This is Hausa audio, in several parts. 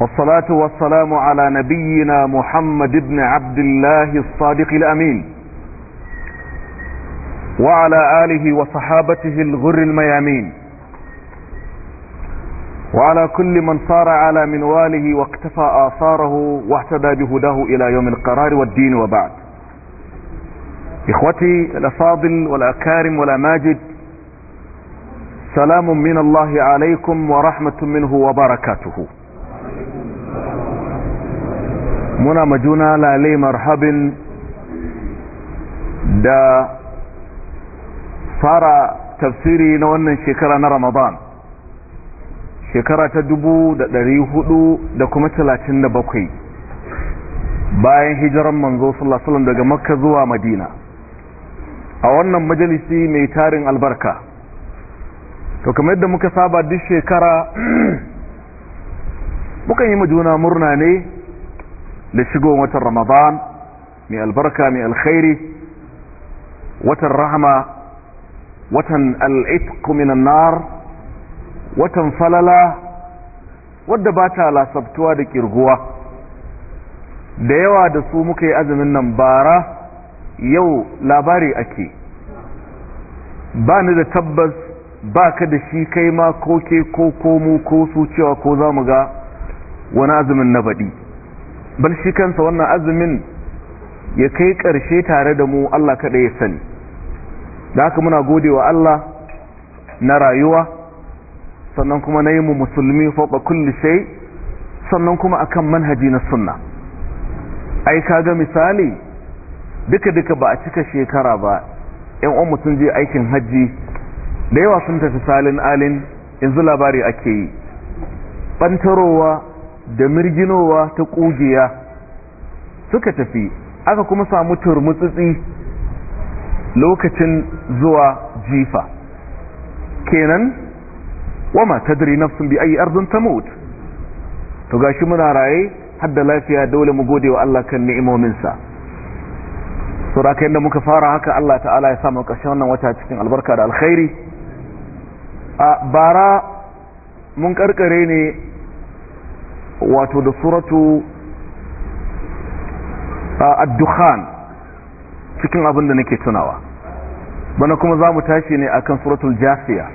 والصلاة والسلام على نبينا محمد بن عبد الله الصادق الأمين وعلى آله وصحابته الغر الميامين وعلى كل من صار على منواله واقتفى آثاره واهتدى بهداه إلى يوم القرار والدين وبعد إخوتي الأفاضل والأكارم والأماجد سلام من الله عليكم ورحمة منه وبركاته muna majuna lalai marhabin da fara tafsiri na wannan shekara na ramadan shekara ta dubu da ɗari hudu da kuma talatin da bakwai bayan hijiran manzo sallallahu daga makka zuwa madina a wannan majalisi mai tarin albarka to kamar yadda muka saba duk shekara mukan yi majuna murna ne da shigo watan ramadan mai albarka mai alkhairi watan rahama watan al'itku nar watan falala wadda ba ta lasabtuwa da kirguwa da yawa da su muka yi azumin nan bara yau labari ake ba ni da tabbas ba ka da shi kai ma ko ke ko komo ko su cewa ko za mu ga wani azumin na baɗi bal shi kansa wannan azumin ya kai ƙarshe tare da mu Allah kaɗai ya sani da haka muna gode wa Allah na rayuwa sannan kuma na yi mu musulmi faɓa kulli sai sannan kuma akan manhaji na sunna ai ga misali duka-duka ba a cika shekara ba yan uwan sun je aikin hajji da yawa sun tafi salin alin yanzu labari ake yi ɓantarowa da mirginowa ta ƙugiya suka tafi aka kuma samu turmutsitsi lokacin zuwa jifa kenan wama tadri nafsun bi ayi ardun tamut to gashi muna raye hadda lafiya dole mu gode wa Allah kan ni'imominsa sura kai da muka fara haka Allah ta'ala ya samu ƙarshen wannan wata cikin albarka da alkhairi a bara mun karkare ne wato da suratu ad-dukhan cikin abin da nake tunawa bana kuma za mu tashi ne akan suratul jasiya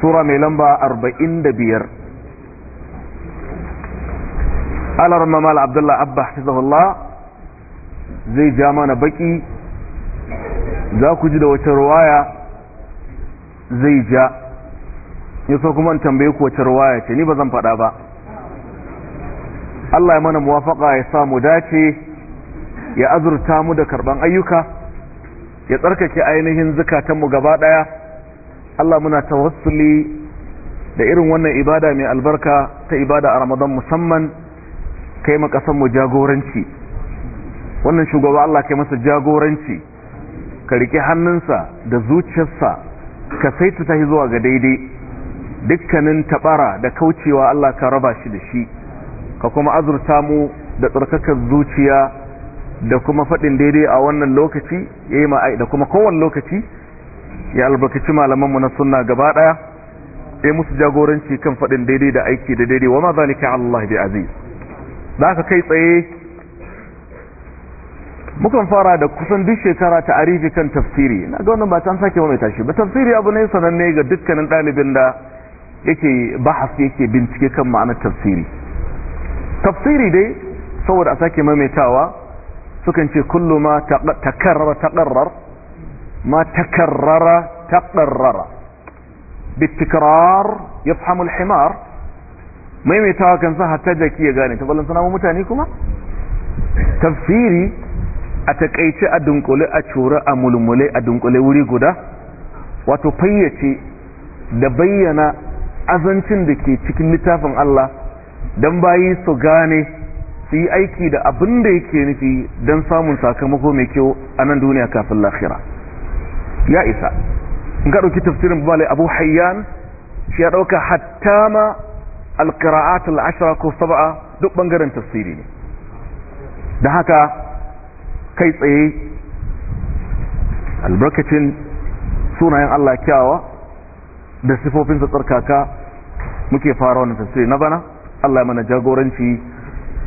sura mai lamba 45 alar mamal abdullah abba hafizahullah zai ja mana baki za ku ji da wata ruwaya zai ja ya so kuma tambaye ko wace ruwaya ce ni ba zan faɗa ba Allah ya mana muwafaƙa ya sa mu dace ya azurta mu da karɓan ayyuka ya tsarkake ainihin mu gaba ɗaya Allah muna tawassuli da irin wannan ibada mai albarka ta ibada a ramadan musamman kai ma mu jagoranci wannan shugaba Allah kai masa jagoranci ka riƙe hannunsa da zuciyarsa ka saita ta zuwa ga daidai dukkanin taɓara da kaucewa Allah ka raba shi da shi ka kuma azurta mu da tsarkakar zuciya da kuma faɗin daidai a wannan lokaci da kuma kowane lokaci ya albarkaci malamanmu na sunna gaba ɗaya ya musu jagoranci kan faɗin daidai da aiki da daidai wa ma zalika Allah bi aziz za ka kai tsaye mukan fara da kusan duk shekara ta arifi kan tafsiri na ga wannan ba ta sake mai tashi ba tafsiri abu ne sananne ga dukkanin ɗalibin da yake bahas yake bincike kan ma'anar tafsiri tafsiri dai saboda a sake maimaitawa sukan ce kullu ma takarrara takarrar ma takarrara ya bitikrar yafhamu himar maimaitawa kan sa hatta jaki ya gane taballan sana mutane kuma tafsiri a takaice a dunkule a cura a mulmule a dunkule wuri guda wato fayyace da bayyana azancin da ke cikin littafin Allah don bayi su gane su yi aiki da abin da yake nufi don samun sakamako mai kyau a nan duniya kafin lahira ya isa in ka ɗauki tafsirin bale abu hayyan shi ya ɗauka hatta ma alƙira'at al'ashara ko saba'a duk ɓangaren tafsiri ne da haka kai tsaye albarkacin sunayen Allah kyawa da sifofinsa tsarkaka muke fara wannan tafsiri na bana Allah ya mana jagoranci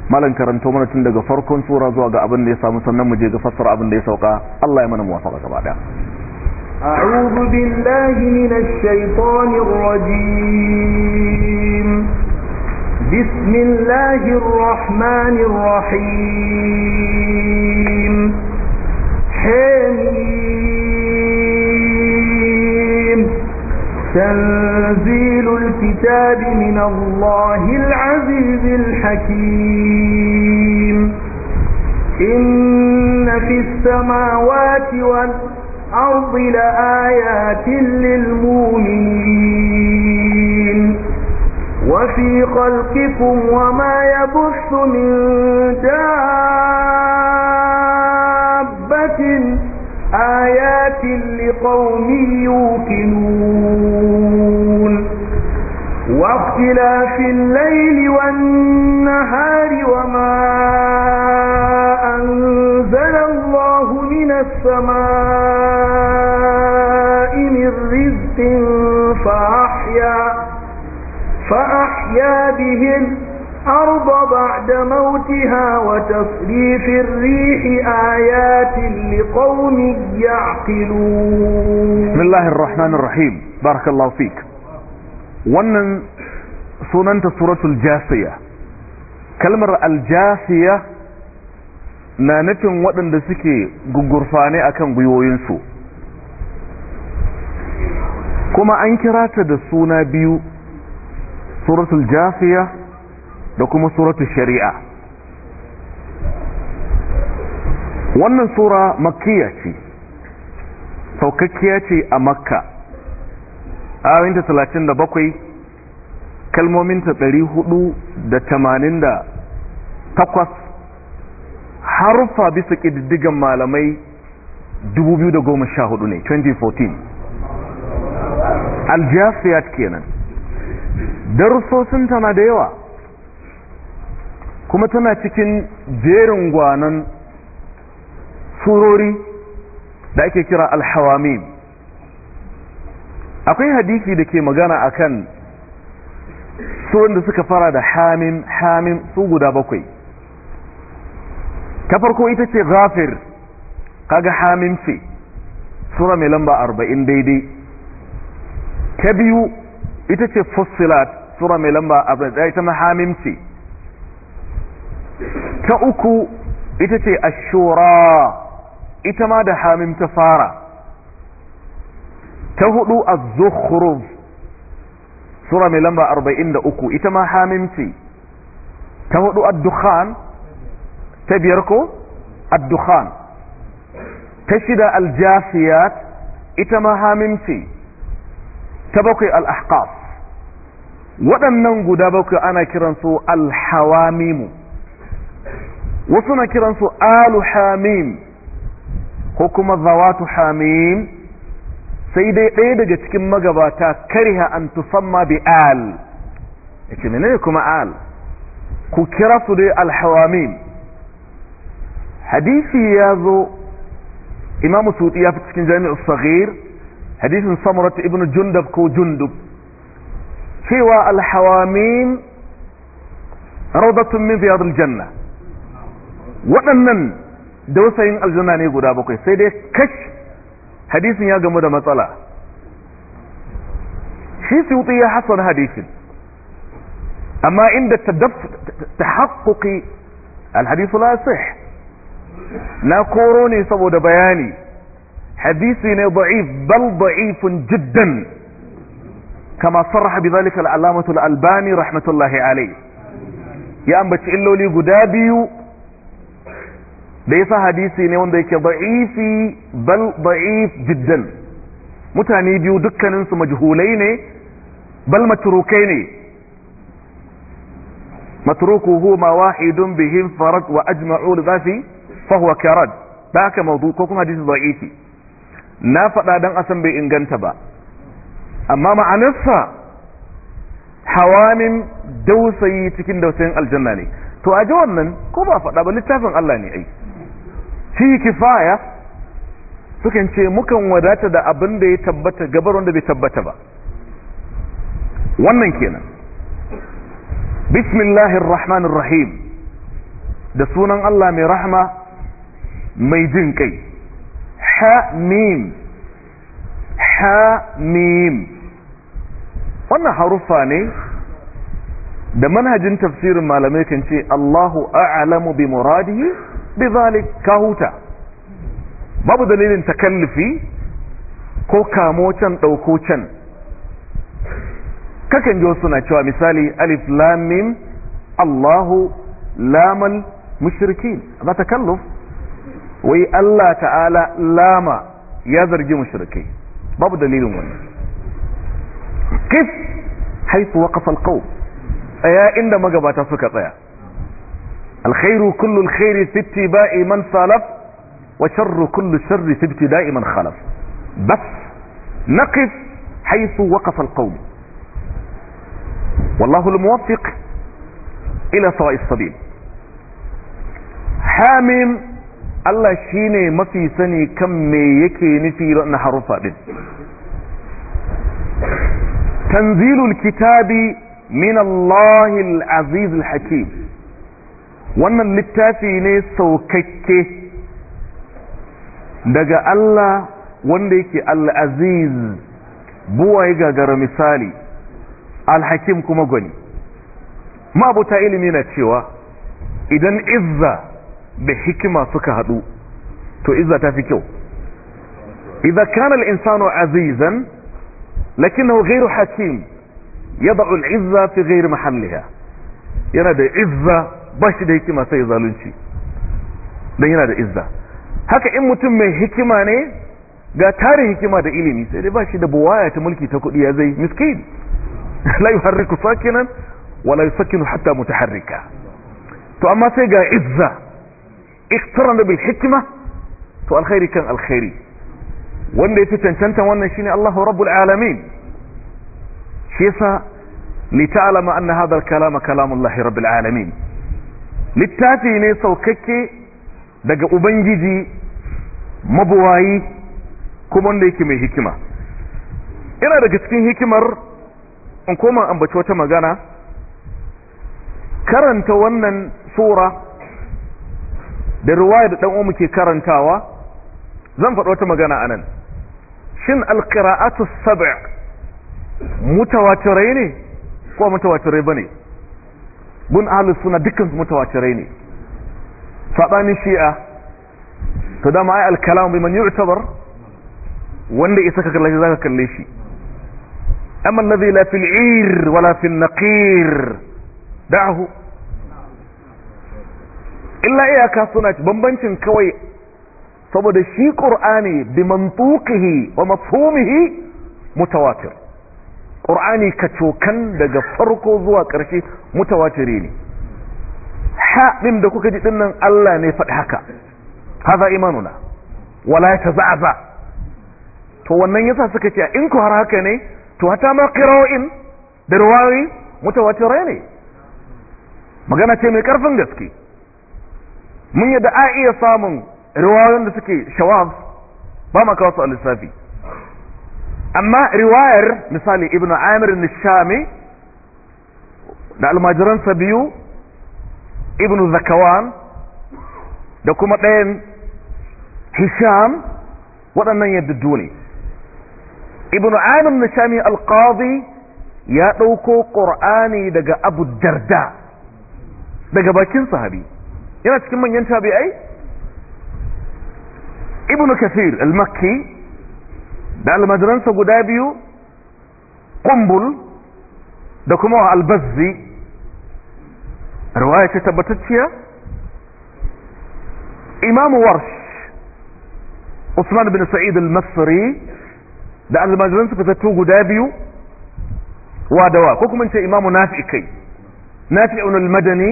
malan karanto mana tun daga farkon sura zuwa ga abin da ya samu sannan mu je ga fassara abin da ya sauka Allah ya mana muwafaqa gaba daya أعوذ بالله من الشيطان الرجيم بسم الله الرحمن الرحيم حميم تنزيل الكتاب من الله العزيز الحكيم إن في السماوات والأرض لآيات للمؤمنين وفي خلقكم وما يبث من دابة آيات لقوم يوقنون واختلاف الليل والنهار وما أنزل الله من السماء من رزق فأحيا, فأحيا به الأرض الأرض بعد موتها وتصريف الريح آيات لقوم يعقلون بسم الله الرحمن الرحيم بارك الله فيك وانا سننت سورة الجاسية كلمة الجاسية نا نتن وطن دسكي قرفاني أكن بيوينسو كما أنكرات دسونا بيو سورة الجاسية da kuma suratul shari'a wannan sura makkiya ce saukakkiya ce a makka ayinta 37 kalmominta 488 harufa bisa ƙididdigan malamai 2014 ne 2014 aljasiyat kenan darussosinta na da yawa kuma tana cikin jerin gwanan surori da ake kira Alhawamin, akwai hadisi da ke magana akan su wanda suka fara da hamim hamim su guda bakwai ta farko ita ce ghafir kaga hamim ce sura mai lamba arba'in daidai ta biyu ita ce fusilat sura mai lamba arba'in daidai ta mahamim ce ta uku ita ce ashura ita ma da hamim ta fara ta hudu az-zukhruf sura mai lamba 43 ita ma hamim ce ta hudu a dukhan ta biyar ko a dukhan ta shida al-jasiyat ita ma hamim ce ta bakwai al waɗannan guda bakwai ana kiransu alhawamimu wasu na kiransu alu hamim ko kuma zawatu hamim sai dai ɗaya daga cikin magabata kariha an tusamma bi al yace menene kuma ku kira su dai alhawamim hadisi ya zo imamu suti ya fi cikin jami'ar saghir hadisin samurat ibnu jundab ko jundub cewa alhawamim rawdatun min riyadil janna waɗannan dausayin aljanna ne guda bakwai sai dai kash hadisin ya gamu da matsala shi suyuti ya hasan hadisin amma inda ta haƙƙoƙi alhadisu la na koro ne saboda bayani hadisi ne da'if bal da'ifun jiddan kama sarraha bi zalika al-alamatu albani rahmatullahi alai ya ambaci illoli guda biyu da yasa hadisi ne wanda yake da'ifi bal da'if jiddan mutane biyu dukkanin su majhulai ne bal matrukai ne matruku huma wahidun bihim farad wa ajma'u lidhafi fa huwa karad da haka mawdu ko kuma hadisi da'ifi na faɗa dan asan bai inganta ba amma ma'anarsa hawamin dausayi cikin dausayin aljanna ne to a ji wannan ko ba faɗa ba littafin Allah ne ai fi kifaya sukan ce mukan wadata da abin da ya tabbata gabar wanda bai tabbata ba wannan kenan bismillahir rahmanir rahim da sunan Allah mai rahma mai jin kai ha mim ha mim wannan harufa ne da manhajin tafsirin malamai kan ce Allahu a'lamu bi muradihi bi ka huta babu dalilin takallufi ko kamo can ɗauko can kakan ji suna cewa misali alif lamim allahu lamal mushrikin ba takalluf wai allah ta'ala lama ya zargi mushrikai babu dalilin wannan kif haifu waƙafa alƙaw tsaya inda magabata suka tsaya الخير كل الخير في باقي من سالف وشر كل شر ابتداء من خلف بس نقف حيث وقف القوم والله الموفق الى سواء الصبيل حامم الله شيني ما في سني كم يكي نفي لأن حرفة دي. تنزيل الكتاب من الله العزيز الحكيم wannan littafi ne saukakke daga Allah wanda yake al'aziz buwaye gagara misali alhakim kuma gwani ma'abuta ilimi na cewa idan izza da hikima suka hadu to izza ta fi kyau idan إذا azizan الإنسان عزيزا لكنه غير حكيم يضع fi في غير yana da izza bashi da hikima sai zalunci dan yana da izza haka in mutum mai hikima ne ga tare hikima da ilimi sai dai bashi da buwaya ta mulki ta kudi ya zai miskin la yuharriku sakinan wa la yusakinu hatta mutaharrika to amma sai ga izza iqtarana bil hikima to alkhairi kan alkhairi wanda yafi fi cancanta wannan shine Allahu rabbul alamin shi yasa لتعلم أن هذا الكلام كلام الله رب العالمين littafi ne saukakke daga ubangiji mabuwayi kuma wanda yake mai hikima ina daga cikin hikimar in koma ambaci wata magana karanta wannan sura da ruwaya da ɗan'o muke karantawa zan faɗi wata magana anan shin alƙira'atu saba mutawatirai ne ko mutawatirai ba ne gun ahlus sunna dukkan su mutawatirai ne sabanin shi'a to dama ai al-kalam bi man yu'tabar wanda isa ka kalle zaka kalle shi amma alladhi la fil 'ir wa la fil naqir da'ahu illa iyaka sunna bambancin kawai saboda shi qur'ani bi mantuqihi wa mafhumihi mutawatir ƙur'ani cokan daga farko zuwa ƙarshe tare ne haɗin da kuka ji ɗinnan Allah ne faɗi haka haza imanuna wala ta za'aza to wannan yasa suka ce in ku har haka ne to hata ma qira'in da ruwayi tare ne magana ce mai ƙarfin gaske mun yadda a iya samun ruwayoyin da suke shawaz ba ma kawo su a lissafi amma riwayar misali ibn amir nishami da almajiransa biyu ibn zakawan da kuma ɗayan hisham waɗannan yadda ne ibn amir nishami alƙazi ya ɗauko ƙor'ani daga abu darda daga bakin sahabi yana cikin manyan tabi'ai ibn kathir al-makki da almajiransa guda biyu ƙumbul da kuma albazzi riwaya ce tabbatacciya imamu warsh usman bin sa'id al-masri da almajiransa fitattu guda biyu wa dawa ko kuma ce imamu nafi kai nafi al-madani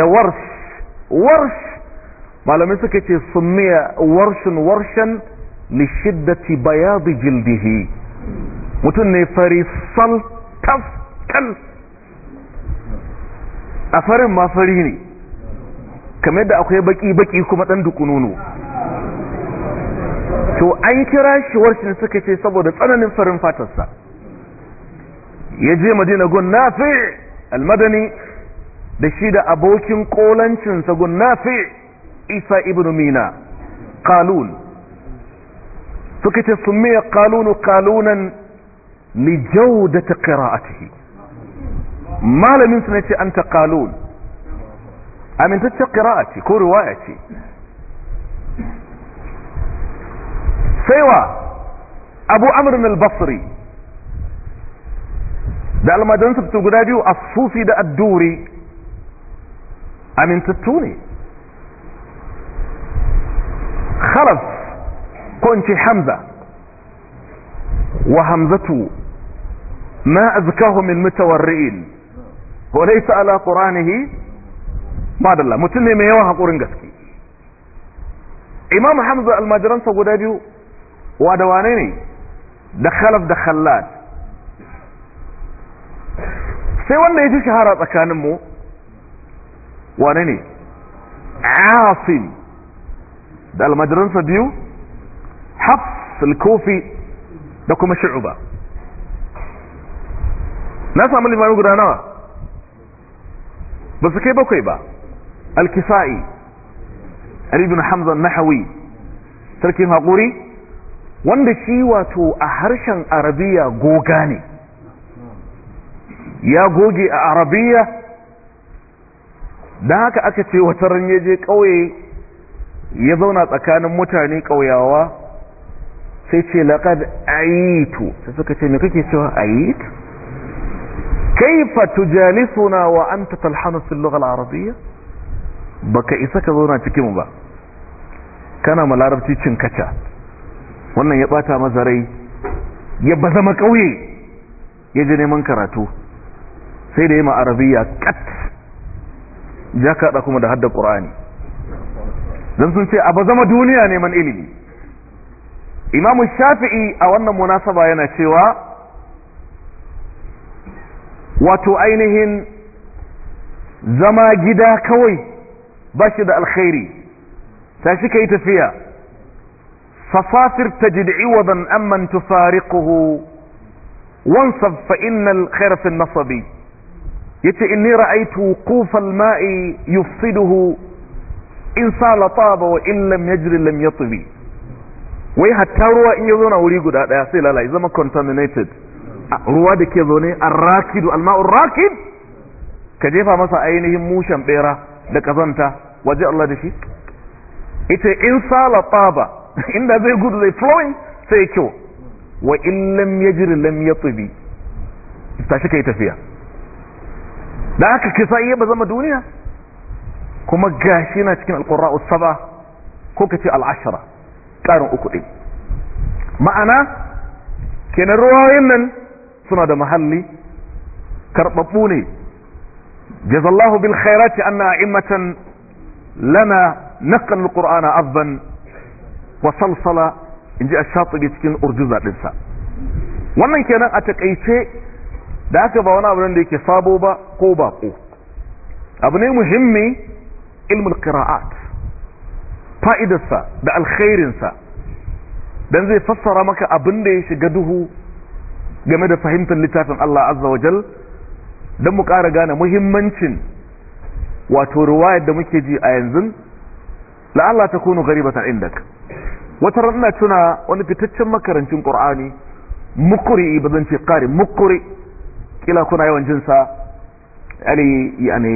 da warsh warsh malamai suka ce summiya warshin warshan lishiddati shiddati bayadi jildihi mutum ne fari sal taf a farin ma fari ne kamar da akwai baki baki kuma dan dukununu to an kira shi warshin suka ce saboda tsananin farin fatarsa ya je madina gun nafi almadani da shi da abokin kolancinsa gun nafi isa ibn mina qalun فكت سمي قالون قالونا لجودة قراءته ما لم يمكن أنت قالون أمن أنت قراءتي كو روايتي سيوا أبو عمرو البصري ده لما fito guda الصوفي ده الدوري da adduri amintattu ko in ce hamza wa hamzatu ma azkahu min mutawarri'in wa laysa ala quranihi dalla mutum ne mai yawan hakurin gaske imam hamza sa guda biyu wa da wane ne da khalaf da khallad sai wanda ya shahara tsakanin mu wane ne asim da almajransa biyu hafs al da kuma shu'ba na samu limami guda nawa ba su kai bakwai ba alkisa'i, kisai ali ibn hamza nahawi sarkin haƙuri wanda shi wato a harshen arabiya goga ne ya goge a arabiya don haka aka ce wata ran ya je ƙauye ya zauna tsakanin mutane ƙauyawa sai ce laƙad aitu sai suka ce me kake cewa aitu kaifa tujalisuna wa anta talhanu fil lugha al arabiyya baka isa ka zauna cikin ba kana ma larabci cin kaca wannan ya bata mazarai ya ya bazama kauye ya je neman karatu sai da yi ma kat Ya kaɗa kuma da hadda ƙur'ani don sun ce a ba zama duniya neman ilimi إمام الشافعي او ان مناسبة انا سوى واتو أينهن زما جدا كوي بشد الخيري تاشك يتفيا ففاسر تجد عوضا اما تفارقه وانصب فإن الخير في النصب يتي إني رأيت وقوف الماء يفسده إن سال طاب وإن لم يجري لم يطبي wai hatta ruwa in ya zo na wuri guda daya sai lalai zama contaminated ruwa da ke zaune rakidu alma'ur rakid ka jefa masa ainihin mushen bera da kazanta waje Allah da shi ita in sala taba inda zai gudu zai flowing sai kyau wa in lam yajri lam yatbi tashi kai tafiya da haka kisa iya ba zama duniya kuma gashi na cikin alqurra'us saba ko kace al ƙarin uku ɗin ma'ana kenan ruwayoyin nan suna da mahalli karɓaɓɓu ne jazallahu bil khairati anna a'immatan lana naqal qur'ana azban wa salsala a ash-shatibi cikin urjuza dinsa wannan kenan a takaice da aka ba wani abu da yake sabo ba ko bako abu ne muhimmi ilmul qira'at fa'idarsa da alkhairinsa dan zai fassara maka abin da ya shiga duhu game da fahimtar littafin Allah azza wa jal don mu ƙara gane muhimmancin wato ruwayar da muke ji a yanzu la'alla ta kunu garibatan indak wata ran ina tuna wani fitaccen makarancin ƙur'ani mukuri ba zan ce qari mukuri kila kuna yawan jinsa sa ali yani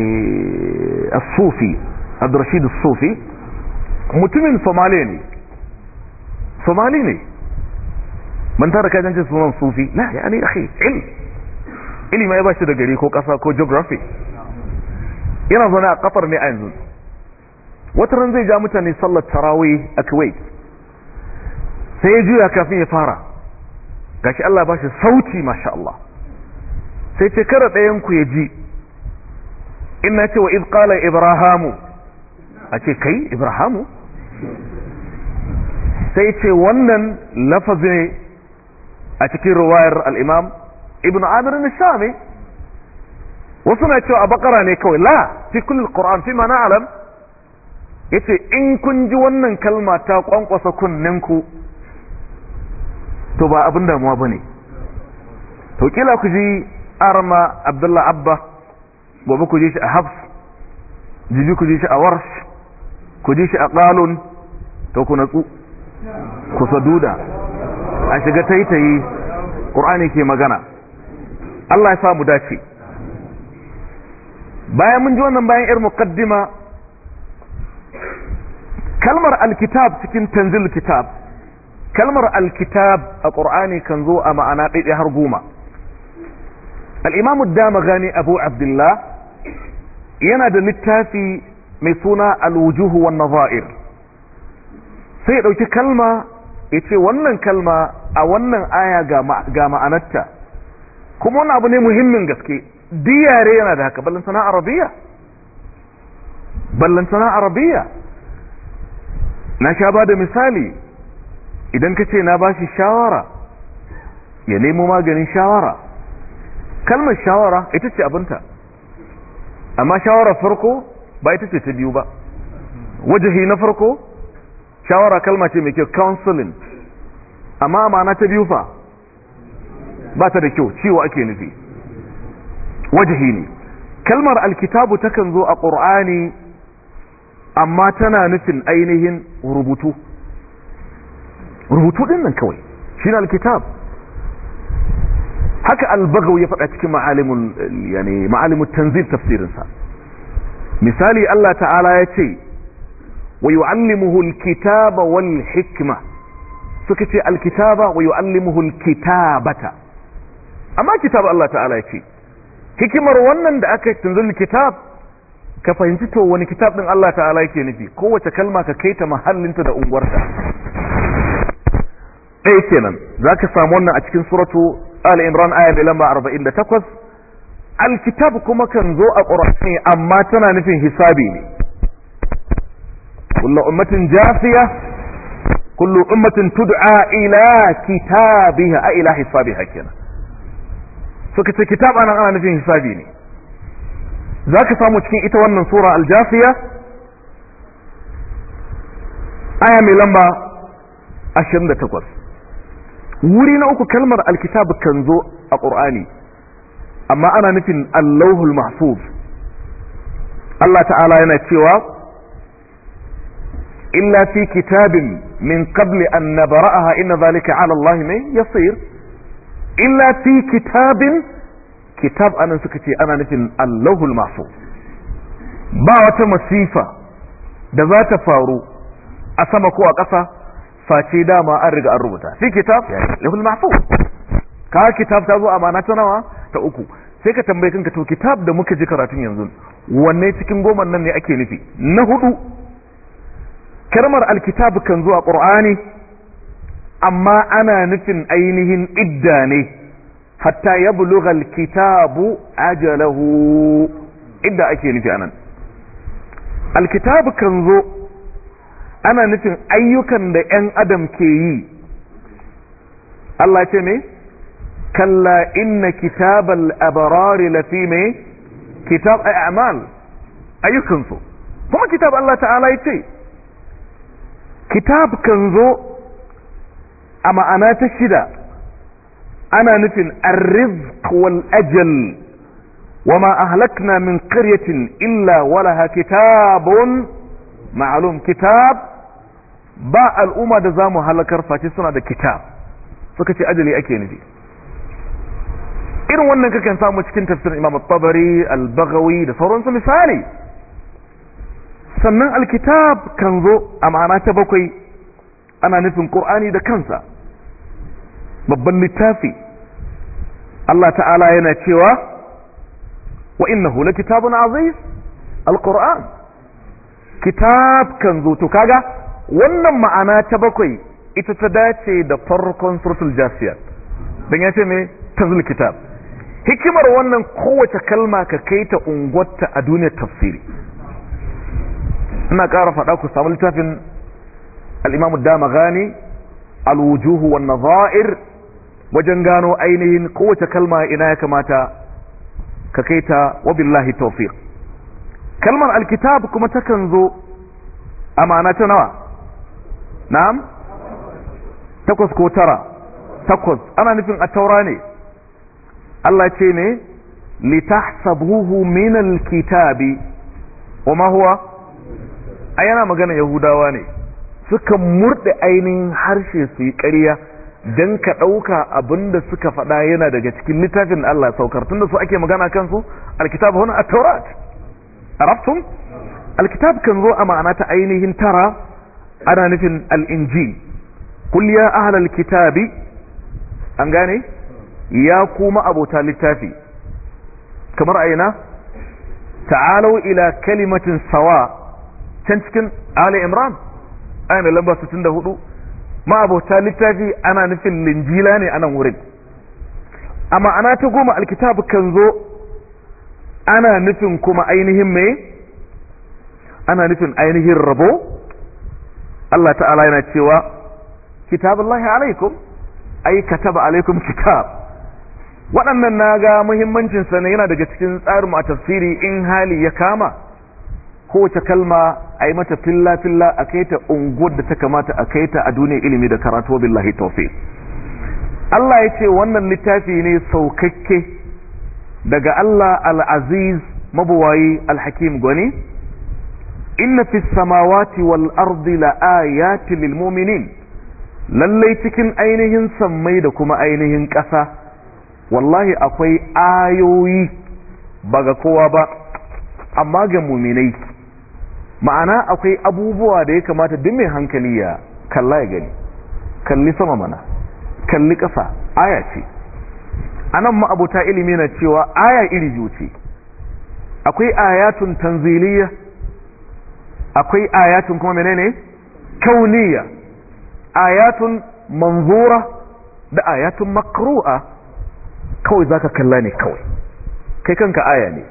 as-sufi ad-rashid as-sufi mutumin Somali ne somali ne man tara kajan ce sunan sufi na ya ne akhi ilm ilima ya bashi da gari ko kasa ko geography yana zana a kafar ne a yanzu wata ran zai ja mutane sallar tarawih a kuwait sai ya juya kafin ya fara gashi Allah ba shi sauti masha Allah sai ce kada ɗayan ku ya ji inna ce wa iz qala ibrahimu a ce kai ibrahimu sai ce wannan lafazi ne a cikin ruwayar al'imam ibn amir nishami wasu na cewa a bakara ne kawai la fi kullum ƙoran fi mana alam ya ce in kun ji wannan kalma ta kwankwasa kunninku to ba abin damuwa ba ne to kila ku ji arma Abdullahi abba gobe ku ji shi a hafs jibi ku ji shi a warsh ku ji shi a ƙalun to ku natsu ku saduda a shiga taitayi ƙur'ani ke magana Allah ya samu dace bayan mun ji wannan bayan irin muqaddima kalmar alkitab cikin tanzil kitab kalmar alkitab a ƙur'ani kan zo a ma'ana ɗaiɗe har goma al'imamu dama gani abu abdullah yana da littafi mai suna alwujuhu wa nazair sai ya dauki kalma ya ce wannan kalma a wannan aya ga ma'anarta kuma wani abu ne muhimmin gaske diyare yana da haka ballon sana arabiya ballon sana arabiya na sha ba da misali idan ka ce na bashi shi shawara ya nemo maganin shawara kalmar shawara ita ce abinta amma shawara farko ba ita ce ta biyu ba wajahi na farko shawara kalma ce mai kyau counseling amma ma'ana ta biyu fa ba ta da kyau ciwo ake nufi wajahi ne kalmar alkitabu takan zo a ƙur'ani amma tana nufin ainihin rubutu rubutu ɗin nan kawai shi ne alkitab haka albagau ya faɗa cikin ma'alimun tanzil tafsirinsa misali Allah ta'ala ya ce wa yu'allimuhu alkitaba wani hikma suka ce alkitaba wa yu'allimuhu alkitabata amma kitab Allah ta'ala ya ce hikimar wannan da aka tanzil kitab ka fahimci to wani kitab din Allah ta'ala yake nufi kowace kalma ka kaita mahallinta da unguwarta ɗaya kenan za ka samu wannan a cikin suratu al imran aya mai lamba 48 alkitab kuma kan zo a qur'ani amma tana nufin hisabi ne kullu ummatin jafiya kullu ummatin tud'a ila kitabiha a ila hisabiha kenan suka ce kitab anan ana nufin hisabi ne zaka samu cikin ita wannan sura aljafiya aya mai lamba 28 wuri na uku kalmar alkitab kan zo a qur'ani. amma ana nufin allahul mahfuz Allah ta'ala yana cewa illa fi kitabin min qabli an nabra'aha inna zalika 'ala Allah mai yasir illa fi kitabin kitab anan suka ce ana nufin allahul mahfuz ba wata masifa da za ta faru a sama ko a ƙasa face dama an riga an rubuta fi kitab ya lahul mahfuz ka kitab ta zo a mana ta nawa ta uku sai ka tambaye kanka to kitab da muka ji karatun yanzu wanne cikin goman nan ne ake nufi na hudu kalmar alkitab kan zuwa qur'ani amma ana nufin ainihin idda ne hatta ya bulugha alkitabu ajalahu idda ake nufi anan alkitab kan zo ana nufin ayyukan da 'yan adam ke yi Allah ce ne كلا إن كتاب الأبرار لفي مي كتاب أعمال أي كنزو هم كتاب الله تعالى يتي كتاب كنزو أما أنا تشدا أنا نفن الرزق والأجل وما أهلكنا من قرية إلا ولها كتاب معلوم كتاب باء الأمة دزامو هلا كرفة تسنى كتاب فكتي أجلي أكي نجي irin wannan kakan samu cikin tafsirin imam tabari al da sauransu misali sannan alkitab kan zo a ma'ana ta bakwai ana nufin ƙur'ani da kansa babban littafi Allah ta'ala yana cewa wa hula kitabun aziz alquran kitab kan zo to kaga wannan ma'ana ta bakwai ita ta dace da farkon suratul jasiyat dan yace me tazul kitab hikimar wannan kowace kalma ka kai ta unguwarta a duniyar tafsiri ina ƙara faɗa ku samu littafin al'imamu dama gani alwujuhu wannan za'ir wajen gano ainihin kowace kalma ina ya kamata ka kai ta wabillahi tawfiq kalmar alkitab kuma takan zo amanata ta nawa na'am takwas ko tara takwas ana nufin a taura ne Allah ce ne litahsabuhu min alkitabi ma huwa ayana yana magana yahudawa ne suka murde ainihin harshe su yi ƙarya dan ka ɗauka abinda suka faɗa yana daga cikin littafin Allah saukar tunda su ake magana kansu alkitabu hona a taurat arabtum alkitab kan zo a ma'ana ta ainihin tara ana nufin al kul ya ahlal kitabi an gane ya kuma abota littafi kamar aina ta'alau ila kalimatin sawa can cikin ali imran ayyana lamba 64 ma abota littafi ana nufin linjila ne anan wurin amma ana ta goma alkitab kan zo ana nufin kuma ainihin mai ana nufin ainihin rabo Allah ta'ala yana cewa kitabullahi alaikum ay kataba alaikum kitab waɗannan na ga muhimmancinsa ne yana daga cikin tsarin a tafsiri in hali ya kama kowace kalma a yi mata filla-filla a kai ta unguwar da ta kamata a kai ta a duniyar ilimi da karatu billahi tawfiq Allah ya ce wannan littafi ne saukakke daga Allah al-Aziz mabuwayi al-Hakim gwani inna fi samawati wal ardi la ayati lil mu'minin lallai cikin ainihin sammai da kuma ainihin ƙasa wallahi akwai ayoyi ba ga kowa ba amma ga muminai ma'ana akwai abubuwa da ya kamata duk mai hankali ya kalla ya gani kalli sama mana kalli ƙasa aya ce anan ma'abuta ilimi na cewa aya iri biyu ce akwai ayatun tanziliya akwai ayatun kuma menene kauniya ayatun manzura da ayatun makru'a kawai zaka kalla ne kawai kai kanka aya ne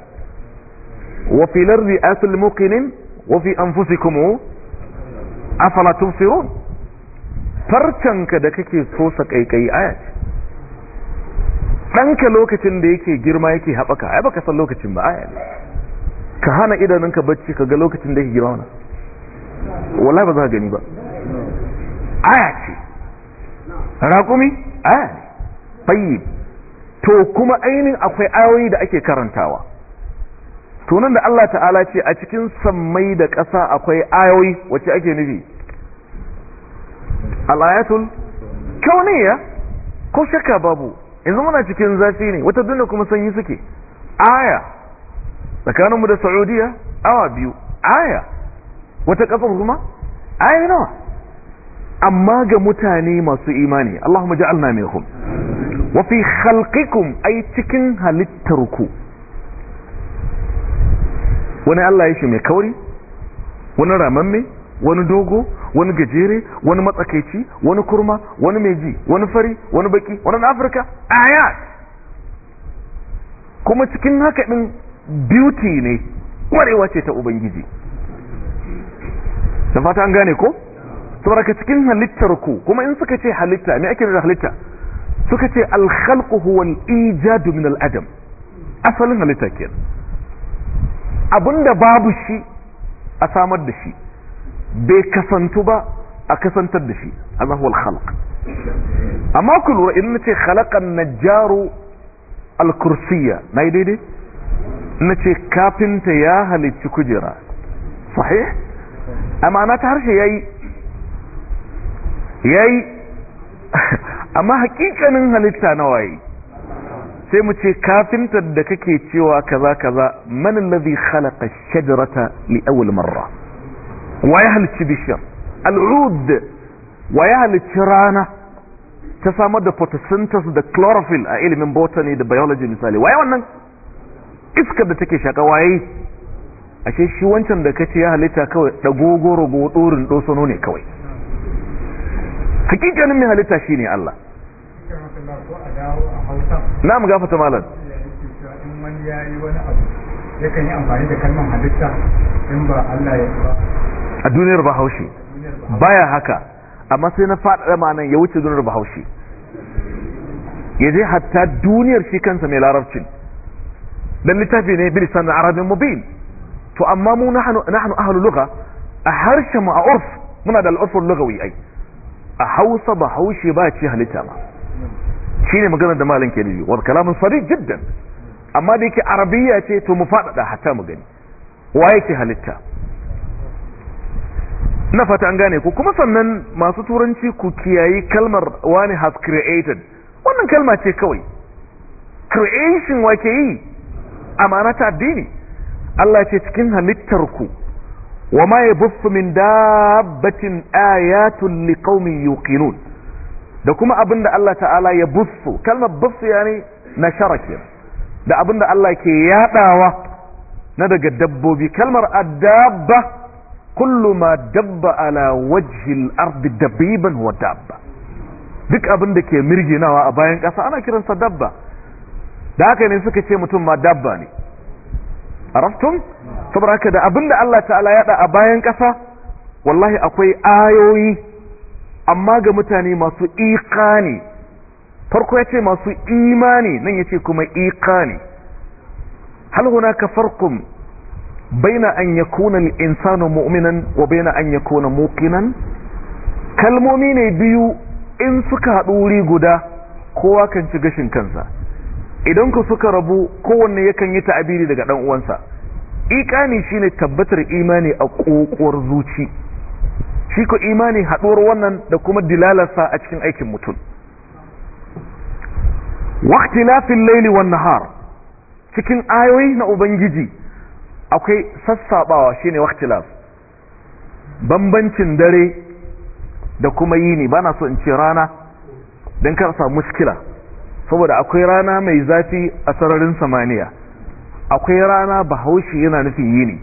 wa fi lardi asul muqinin wa fi anfusikum afala tubsirun farcanka da kake so sa kaikai aya ce ɗanka lokacin da yake girma yake haɓaka ai baka san lokacin ba aya ne ka hana idanunka bacci ka ga lokacin da yake girma wannan wallahi ba za ka gani ba aya ce raƙumi aya ne tayyib to kuma ainihin akwai ayoyi da ake karantawa tunan da Allah ta'ala ce a cikin sammai da ƙasa akwai ayoyi wacce ake nufi al'ayatul kauniya ko shakka babu yanzu muna cikin zafi ne wata duniya kuma sanyi suke aya tsakaninmu da saudiya awa biyu aya wata ƙasar kuma aya nawa amma ga mutane masu imani Allahumma ja'alna minhum wa fi khalqikum ai cikin halittarku wani Allah ya shi mai kauri wani ramamme wani dogo wani gajere wani matsakaici wani kurma wani meji wani fari wani baki wani afirka ayat kuma cikin haka din beauty ne kwarewa ce ta ubangiji da fata an gane ko saboda cikin halittarku kuma in suka ce halitta me ake da halitta suka ce alkhalqu huwa ijadu min al-adam asalin halitta kenan abinda babu shi a samar da shi bai kasantu ba a kasantar da shi Allah huwa al-khalq amma ku lura idan nace khalaqan najjaru al-kursiyya nayi daidai nace kafinta ya halicci kujera sahih amma na ta harshe yayi yayi amma hakikanin halitta na waye sai mu ce kafintar da kake cewa kaza kaza man allazi khalaqa shajarata li awwal marra wa ya halicci bishiyar Al-Ud wa ya rana ta samar da photosynthesis da chlorophyll a ilimin botany da biology misali waye wannan iskar da take shaka waye ashe shi wancan da kace ya halitta kawai dagogoro go dorin ne kawai hakikanin mai halitta ne Allah na mu gafata malam yakan yi halitta in ba Allah ya a duniyar bahaushe baya haka amma sai na faɗaɗa ma'anan ya wuce duniyar bahaushe ya je hatta duniyar shi kansa mai larabcin dan littafi ne bil sanar arabin mubin to amma mu nahnu nahnu ahlul a harshen mu a urf muna da al'urfin lugawi ai a hausa ba haushe ba ce halitta ba shi ne maganar da malin ke nufi wani kalamin sari jiddan amma da yake arabiya ce to mu faɗaɗa hata mu gani wa yake halitta na fata an gane ku kuma sannan masu turanci ku kiyayi kalmar wani has created wannan kalma ce kawai creation wake yi amana ta addini Allah ce cikin halittar ku wa ma yabuffu min dabbatin ayatun liqaumin da kuma abinda Allah ta'ala ya buffu kalmar ya yani na sharakin da abinda Allah ke yadawa na daga dabbobi kalmar addabba kullu ma dabba ala wajhil ardi dabiban wa dabba duk abinda ke mirginawa a bayan ƙasa ana kiransa dabba da haka ne suka ce mutum ma dabba ne araftum saboda haka da abinda Allah ta'ala ya da a bayan kasa wallahi akwai ayoyi amma ga mutane masu iqani farko yace masu imani nan yace kuma iqani hal hunaka farqum baina an yakuna al-insanu mu'minan wa baina an yakuna muqinan kalmomi ne biyu in suka haɗu wuri guda kowa kan ci gashin kansa idan ku suka rabu kowanne yakan yi ta'abiri daga dan uwansa iqani shine tabbatar imani a kokowar zuci shi ko imani haduwar wannan da kuma dilalarsa a cikin aikin mutum waqtilafil layli wan nahar cikin ayoyi na ubangiji akwai sassabawa shine waqtilaf bambancin dare da kuma yini bana so in ce rana dan kar samu muskila saboda akwai rana mai zafi a sararin samaniya akwai rana bahaushe yana nufin yini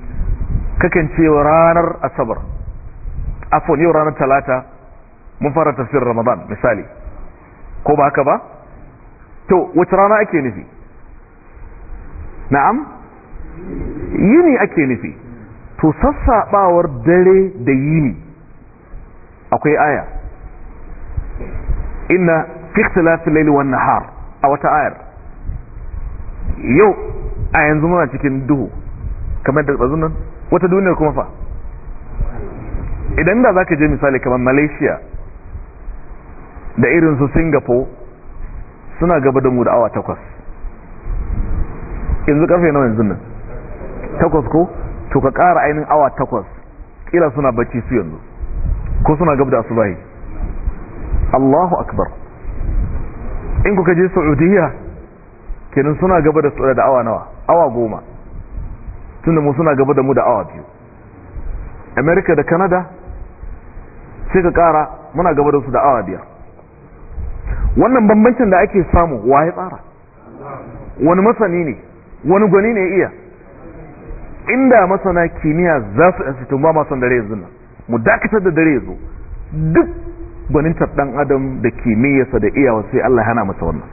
kakan ce ranar asabar afon yau ranar talata mun fara tafsir ramadan misali ko ba haka ba to wace rana ake nufi na'am yini ake nufi to sassaɓawar dare da yini akwai aya inna fi ikhtilafil layli wan nahar a wata ayar yau a yanzu muna cikin duhu kamar da bazun nan wata duniyar kuma fa idan da zaka je misali kamar Malaysia da irin su Singapore suna gaba da mu awa takwas yanzu karfe nawa yanzu nan takwas ko to ka kara ainihin awa takwas kila suna bacci su yanzu ko suna gaba da asubahi Allahu akbar in kuka je saudiya kenan suna gaba da da awa nawa awa goma tunda mu suna gaba da mu da awa biyu america da canada sai ka kara muna gaba da su da awa biyar wannan bambancin da ake samu waye tsara wani masani ne wani gwani ne iya inda masana kimiyya za su yan fito masan dare yanzu nan mu dakatar da dare yanzu duk gwanintar dan adam da kimiyyarsa da iyawa sai Allah hana masa wannan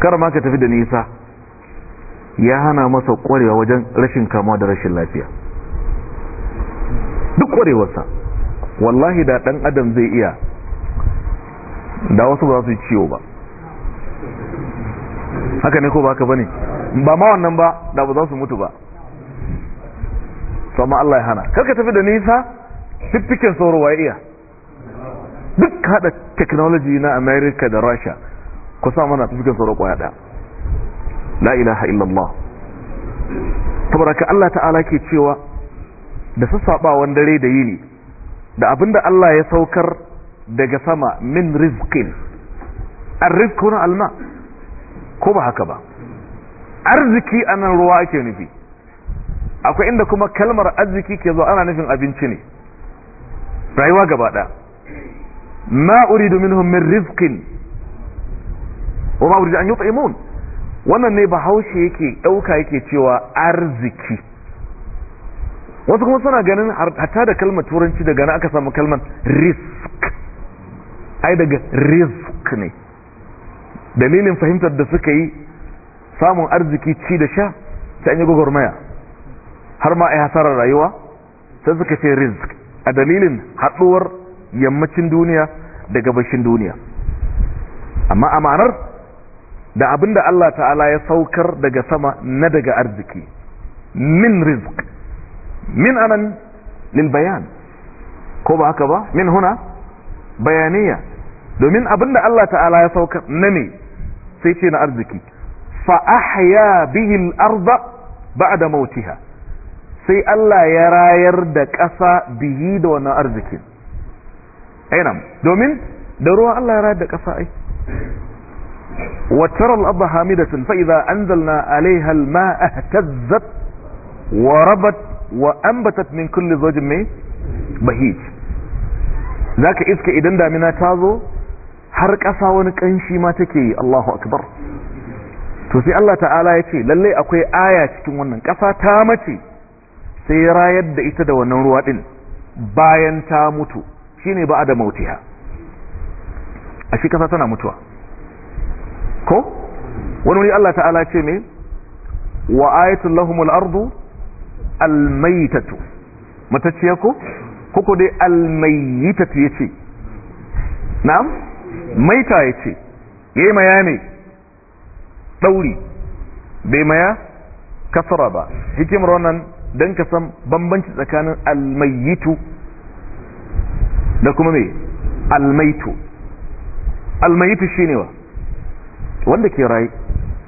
kar ma ka tafi da nisa ya hana masa kwarewa wajen rashin kamuwa da rashin lafiya duk kwarewarsa wallahi da dan adam zai iya da wasu ba su ciwo ba haka ne ko ba ka bane ba ma wannan ba da ba za su mutu ba sama Allah ya hana karka tafi da nisa fiffiken sauro wa iya duk haɗa technology na america da russia ku sa mana tafikin tsoro kwaya ɗaya la ilaha illallah tabaraka allah ta'ala ke cewa da sassaɓawan dare da yini da abinda allah ya saukar daga sama min rizqin an na alma ko ba haka ba arziki anan ruwa ake nufi akwai inda kuma kalmar arziki ke zo ana nufin abinci ne rayuwa gaba ɗaya Na'uri domin minhum min rizqin wa ma uridu an yut'imun wannan ne bahaushe yake dauka yake cewa arziki wasu kuma suna ganin hatta da kalmar turanci daga na aka samu kalmar risk ai daga risk ne dalilin fahimtar da suka yi samun arziki ci da sha ta yi gwagwarmaya har ma ai hasarar rayuwa sai suka ce risk a dalilin haɗuwar yammacin duniya da gabashin duniya amma a ma'anar da abin da Allah ta'ala ya saukar daga sama na daga arziki min rizq min anan lil bayan ko ba haka ba min huna bayaniya domin abin da Allah ta'ala ya saukar na ne sai ce na arziki fa ahya bihi al ba'a ba'da mautiha sai Allah ya rayar da ƙasa bihi da wannan arzikin ina domin da ruwan Allah ya rada kasa ai wacce ral abba hamida fa idza anzalna alaiha al-ma'a tazzat wa rabat wa anbatat min kulli zawjin mai bahij zaka iska idan damina ta zo har kasa wani kanshi ma take yi Allahu akbar to sai Allah ta'ala ya ce lalle akwai aya cikin wannan kasa ta mace sai rayar da ita da wannan ruwa din bayan ta mutu ne ba da mautiha a shi kasa tana mutuwa ko wani wani Allah ta'ala ce ne wa ayatul lahumul ardu almaytatu matacciya ko koko dai almayitatu yace na'am maita yace yayi maya ne dauri bai maya kasara ba hikimar wannan dan ka san bambanci tsakanin almayitu da kuma me almaitu almaitu ne wa wanda ke raye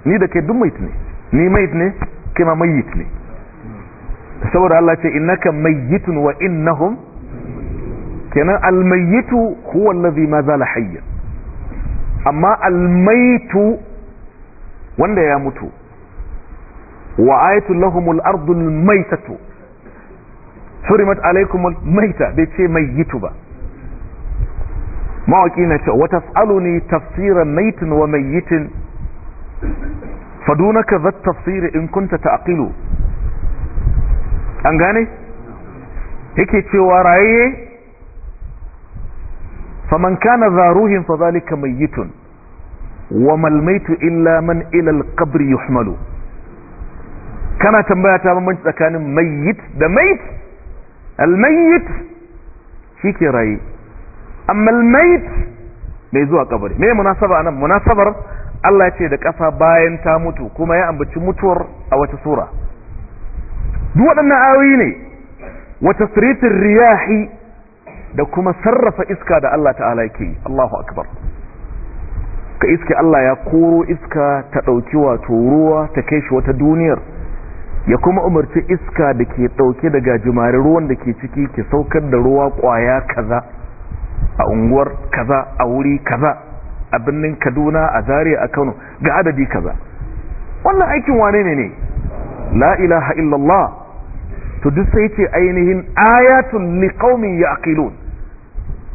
ni da ke duk mait ne ni mait ne kai ma mayit ne saboda Allah ce innaka mayitun wa innahum kenan almayitu huwa allazi ma zala hayyan amma almaitu wanda ya mutu wa ayatu lahumul ardul maitatu hurimat alaikumul maita bai ce mayitu ba mawaki na cewa wata tsalo ne tafsirin maitin wa maiyitin fadunaka zat tafsiri in kunta ta ta'qilu an gane yake cewa raye faman kana za ruhin fa zalika mayyitun wa malmaitu illa man ila alqabr yuhmalu kana tambaya ta bambanci tsakanin mayyit da mait shi ke raye amma almayt mai zuwa kabari me munasaba nan munasabar Allah ya ce da ƙasa bayan ta mutu kuma ya ambaci mutuwar a wata sura duk waɗannan ayoyi ne wata siritin riyahi da kuma sarrafa iska da Allah ta'ala yake Allahu akbar ka iske Allah ya koro iska ta ɗauki wato ruwa ta kai shi wata duniyar ya kuma umarci iska da ke ɗauke daga gajimare ruwan da ke ciki ke saukar da ruwa ƙwaya kaza a unguwar kaza a wuri kaza a birnin kaduna a zaria a kano ga adadi kaza wannan aikin wane ne ne la ilaha illallah to duk sai ce ainihin ayatun liqaumin yaqilun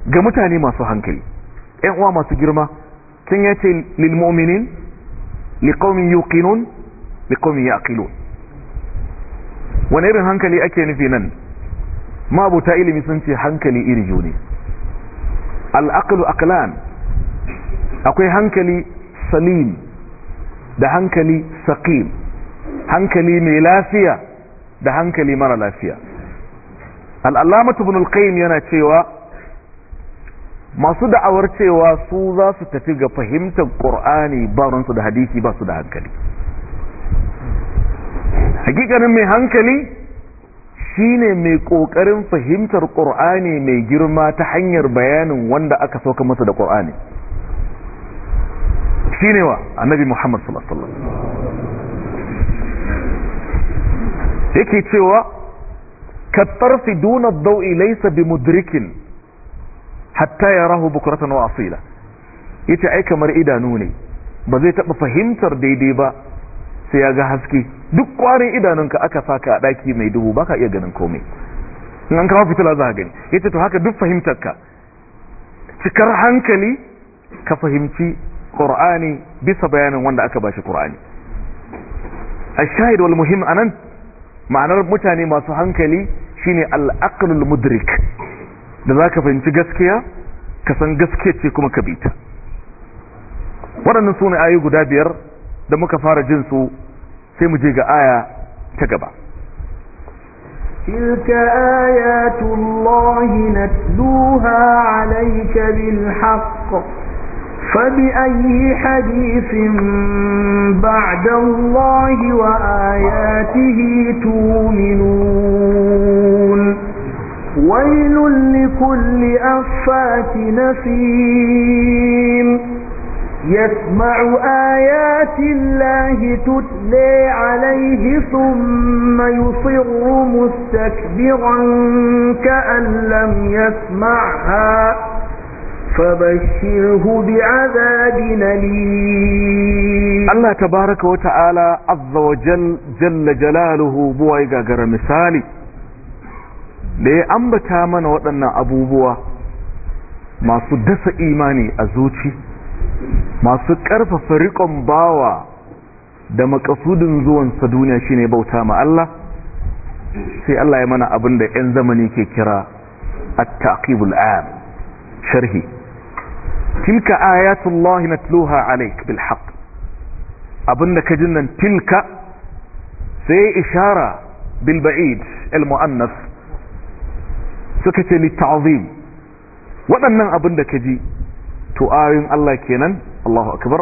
ga mutane masu hankali ɗan uwa masu girma kin yace lil mu'minin liqaumin yuqinun liqaumin yaqilun wani irin hankali ake nufi nan mabuta ilimi sun ce hankali iri ne al'aqlu aqlan akwai hankali salim da hankali saqim hankali mai lafiya da hankali mara lafiya al'allamatu ibn al-qayyim yana cewa masu da'awar cewa su za su tafi ga fahimtar ƙur'ani su da hadisi ba su da hankali hakikanin mai hankali shine mai kokarin fahimtar qur'ani mai girma ta hanyar bayanin wanda aka sauka masa da qur'ani shine wa annabi muhammad sallallahu alaihi wasallam yake cewa fi duna dawi laysa bimudrikin hatta yarahu bukratan wa asila yace ai kamar idanu ne ba zai taba fahimtar daidai ba sai ya ga haske duk kwarin idanunka aka saka a daki mai dubu ba ka iya ganin komai in an kawo fitila za a gani yace to haka duk fahimtarka cikar hankali ka fahimci qur'ani bisa bayanin wanda aka bashi qur'ani A shahid wal muhim nan, ma'anar mutane masu hankali shine al-aqlul mudrik da ka fahimci gaskiya ka san gaskiya ce kuma ka bita waɗannan ne ayi guda biyar da muka fara jin su sai mu je ga aya ta gaba تلك آيات الله نتلوها عليك بالحق فبأي حديث بعد الله وآياته تؤمنون ويل لكل أفاك نسيم يسمع آيات الله تتلي عليه ثم يصر مستكبرا كأن لم يسمعها فبشره بعذاب أليم الله تبارك وتعالى عز وجل جل جلاله بويغا غير مثالي ليه أنبتا من وطن أبو بوا masu dasa imani a zuci masu ƙarfafa riƙon bawa da makasudin zuwansa duniya shine bauta ma Allah sai Allah ya mana abin da 'yan zamani ke kira at aya am sharhi tilka ayatullahi natluha alayk bil haqq abinda kajin nan tilka sai ishara bilba'id ba'id al muannas suka ce li ta'zim waɗannan abinda kaji to ayoyin Allah kenan Allahu akbar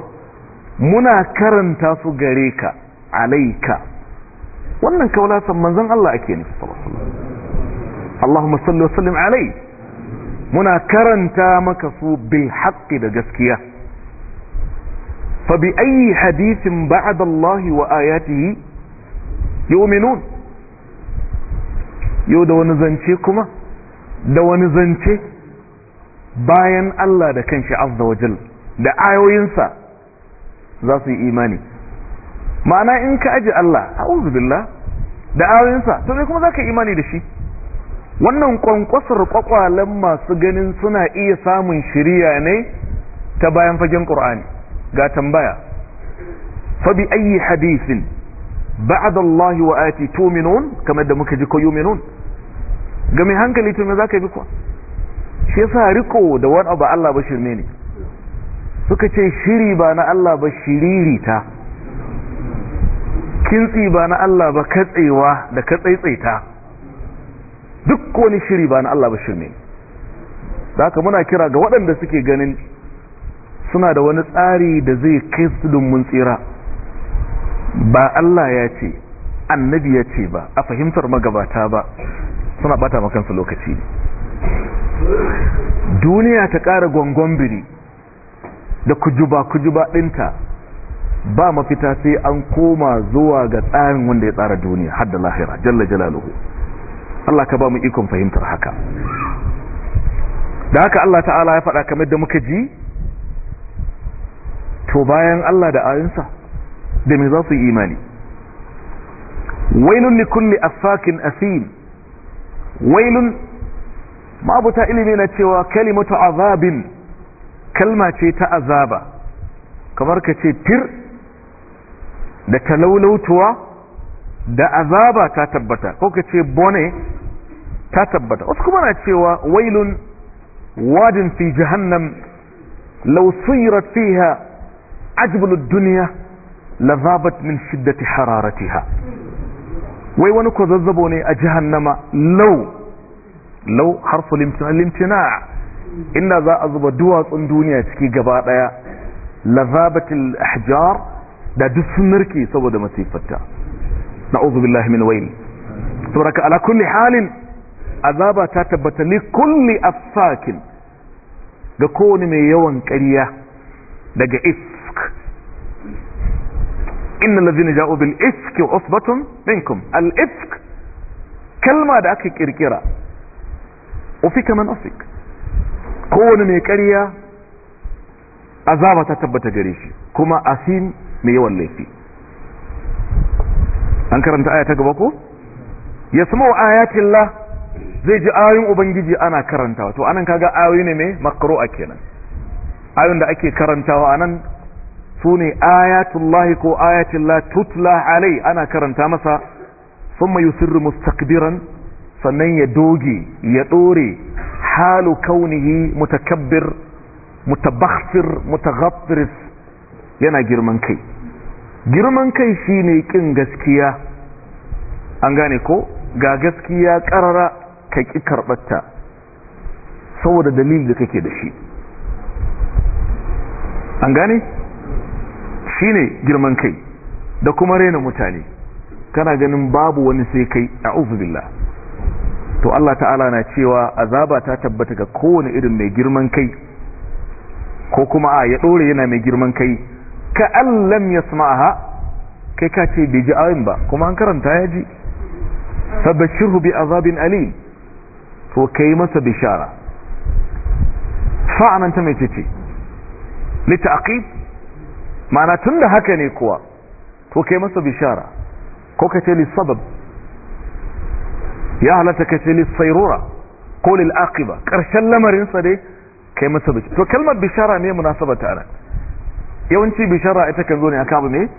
muna karanta su gare ka alaika wannan kaulatan manzon Allah ake nufi sallallahu alaihi wasallam Allahumma salli wa sallim alai muna karanta maka su bil haqqi da gaskiya fa bi ayi hadithin ba'da Allah wa ayatihi yu'minun yau da wani zance kuma da wani zance bayan Allah da kanshi azza wa jalla da ayoyinsa za su yi imani ma'ana in ka aji Allah a'udhu billah da ayoyinsa to sai kuma zaka imani da shi wannan kwankwasar kwakwalen masu ganin suna iya samun shirya ne ta bayan fagen ƙur'ani ga tambaya fabi ayi hadisin ba'ad Allah wa ati tu'minun kamar da muka ji ko yu'minun ga mai hankali to me ka bi kuwa shi yasa riko da wani abu Allah bashir ne ne suka ce shiri ba na Allah ba shiririta kintsi ba na Allah ba katsewa da katsaitsaita duk wani shiri ba na Allah ba shirme da haka muna kira ga waɗanda suke ganin suna da wani tsari da zai kai su mun tsira ba Allah ya ce annabi ya ce ba a fahimtar magabata ba suna bata makansu lokaci duniya ta ƙara gwangwan biri da kujuba-kujuba ɗinta ba mafita sai an koma zuwa ga tsarin wanda ya tsara duniya hadda lahira jalla jalaluhu Allah ka ba mu ikon fahimtar haka da haka Allah ta'ala ya faɗa kamar da muka ji to bayan Allah da ayinsa da me za su yi imani wailun li kulli affakin asim wailun buta ilimi na cewa kalimatu azabin kalma ce ta azaba kamar ka ce fir da talaulautuwa da azaba ta tabbata ko ka ce bone ta tabbata wasu kuma na cewa wailun wadin fi jahannam law fiha ajbulu dunya lazabat min shiddati hararatiha wai wani ko zazzabo ne a jahannama law law harfu limtina inna za a zuba duwatsun duniya ciki gaba daya lazabatil ahjar da duk sun narke saboda masifarta na'udhu billahi min wayl saboda ala kulli halin azaba ta tabbata li kulli afsakin ga kowane mai yawan ƙarya daga isk inna allazina ja'u bil isk usbatun minkum al isk kalma da aka kirkira ufika man ufik kowane mai kariya azaba ta tabbata gare shi kuma asim mai yawan laifi an karanta aya ta gaba ko ya sama wa la zai ji ayoyin ubangiji ana karantawa to anan kaga ayoyi ne mai a kenan ayoyin da ake karantawa anan su ne ayatullahi ko la tutla alai ana karanta masa Sun thumma sirri mustaqbiran sannan ya doge ya ɗore halu kaunihi mutakabbir mutabakhsir mutaghaffir yana girman kai girman kai shine kin gaskiya an gane ko ga gaskiya ƙarara ka ki karɓarta saboda dalilin da kake da shi an gane shine girman kai da kuma raina mutane kana ganin babu wani sai kai a'udhu billah to Allah ta'ala na cewa azaba ta tabbata ga kowane irin mai girman kai ko kuma a ya dore yana mai girman kai ka allam yasma'aha kai ka ce bai ji ayin ba kuma an karanta ya ji fabashirhu bi azabin alim to kai masa bishara fa'anan ta mai cece litaqib ma'ana tunda haka ne kuwa to kai masa bishara ko ka ce li sabab ya halatta ka ce lissairura ko karshen ƙarshen lamarinsa dai kai masa bishara to kalmar bishara ne munasaba ta ana yawanci bishara ita kan zo ne a abu ne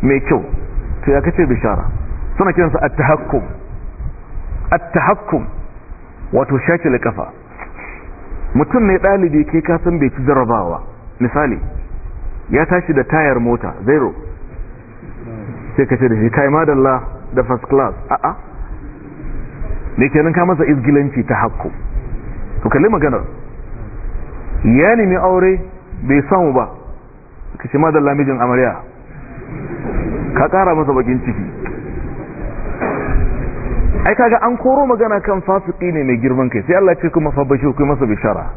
mai kyau to ya kace bishara suna kiransa at-tahakkum at-tahakkum wato shakil kafa mutum ne dalibi kai ka san bai ci jarabawa misali ya tashi da tayar mota zero sai kace da shi kai madalla da first class a'a ne kenan ka masa izgilanci ta hakku to kalli magana ya nemi aure bai samu ba ka ce madalla mijin amarya ka kara masa bakin ciki ai kaga an koro magana kan fasiki ne mai girman kai sai Allah ce kuma fa bashi kuma masa bishara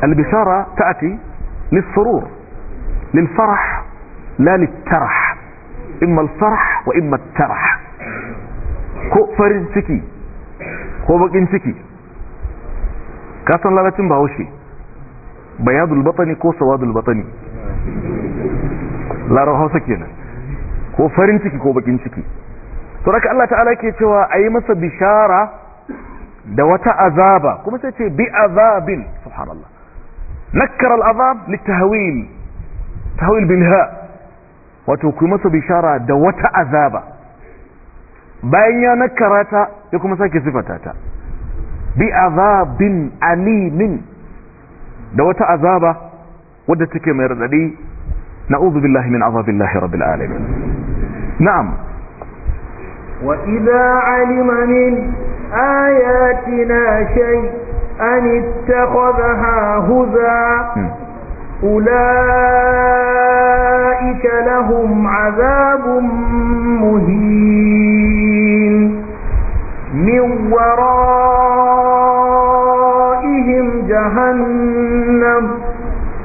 al bishara ta'ati lis surur lil farah la lit tarah imma al farah wa imma al tarah ko farin ciki ko bakin ciki kasan lalacin ba bahaushe bayadul batani ko sawadul batani larar hausa kenan ko farin ciki ko bakin ciki to raka Allah ta'ala ke cewa a yi masa bishara da wata azaba kuma sai ce bi azabin subhanallah nakkar al'azab littahawil tahawil bilha wato ku masa bishara da wata azaba bayan ya nakara ta ya kuma sake sifata ta bi azabin alimin da wata azaba wadda take mai radadi na'udhu billahi min azabillahi rabbil alamin na'am wa idza alima min ayatina shay an ittakhadha huza hmm. أولئك لهم عذاب مهين من ورائهم جهنم